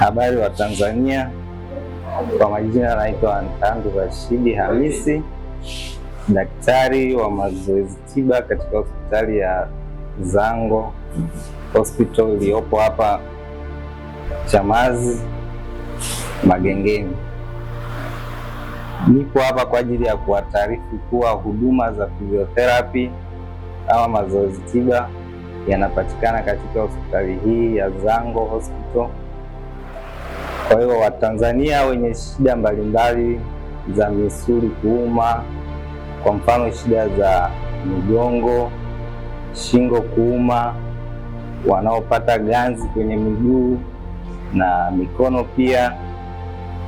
Habari wa Tanzania, kwa majina naitwa Ntandu Rashidi Hamisi, daktari wa mazoezi tiba katika hospitali ya Zango Hospital iliyopo hapa Chamazi Magengeni. Niko hapa kwa ajili ya kuwataarifu kuwa huduma za physiotherapy ama mazoezi tiba yanapatikana katika hospitali hii ya Zango Hospital kwa hiyo Watanzania wenye shida mbalimbali za misuli kuuma, kwa mfano shida za migongo, shingo kuuma, wanaopata ganzi kwenye miguu na mikono pia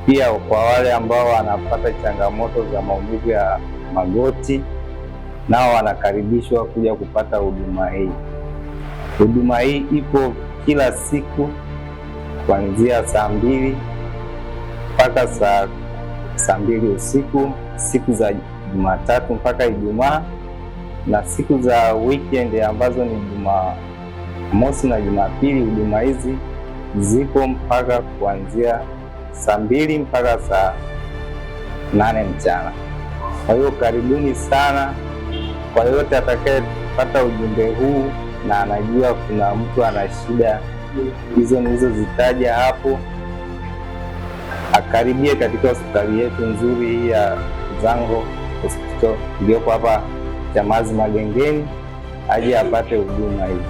pia kwa wale ambao wanapata changamoto za maumivu ya magoti nao wanakaribishwa kuja kupata huduma hii. Huduma hii ipo kila siku kuanzia saa mbili mpaka saa saa mbili usiku siku za Jumatatu mpaka Ijumaa na siku za weekend ambazo ni Jumamosi na Jumapili. Huduma hizi zipo mpaka kuanzia saa mbili mpaka saa nane mchana. Kwa hiyo karibuni sana kwa yote atakayepata ujumbe huu na anajua kuna mtu ana shida hizo nilizozitaja hapo, akaribie katika hospitali yetu nzuri hii ya Zango Hospital iliyoko hapa Chamazi Magengeni, aje apate huduma hii.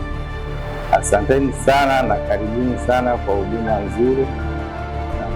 Asanteni sana na karibuni sana kwa huduma nzuri.